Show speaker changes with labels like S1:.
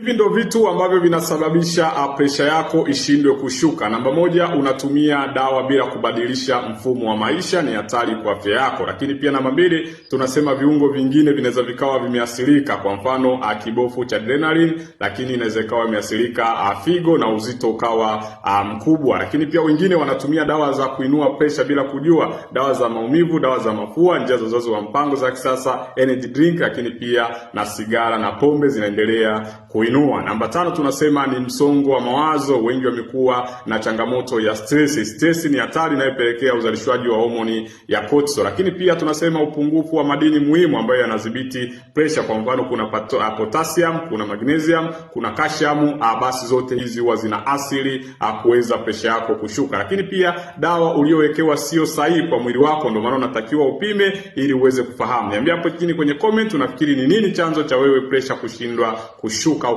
S1: Hivi ndo vitu ambavyo vinasababisha ah, presha yako ishindwe kushuka. Namba moja, unatumia dawa bila kubadilisha mfumo wa maisha, ni hatari kwa afya yako. Lakini pia namba mbili, tunasema viungo vingine vinaweza vikawa vimeathirika, kwa mfano ah, kibofu cha adrenaline, lakini inaweza ikawa imeathirika ah, figo na uzito ukawa mkubwa. lakini pia wengine wanatumia dawa za kuinua presha bila kujua, dawa za maumivu, dawa za mafua, njia za uzazi wa mpango za kisasa, energy drink, lakini pia na sigara na pombe zinaendelea ku kuinua. Namba tano tunasema ni msongo wa mawazo. Wengi wamekuwa na changamoto ya stress. Stress ni hatari inayopelekea uzalishwaji wa homoni ya cortisol, lakini pia tunasema upungufu wa madini muhimu ambayo yanadhibiti pressure. Kwa mfano, kuna ah, potassium, kuna magnesium, kuna calcium. Ah, basi zote hizi huwa zina asili ah, kuweza pressure yako kushuka, lakini pia dawa uliyowekewa sio sahihi kwa mwili wako, ndio maana unatakiwa upime ili uweze kufahamu. Niambia hapo chini kwenye comment, unafikiri ni nini chanzo cha wewe pressure kushindwa kushuka?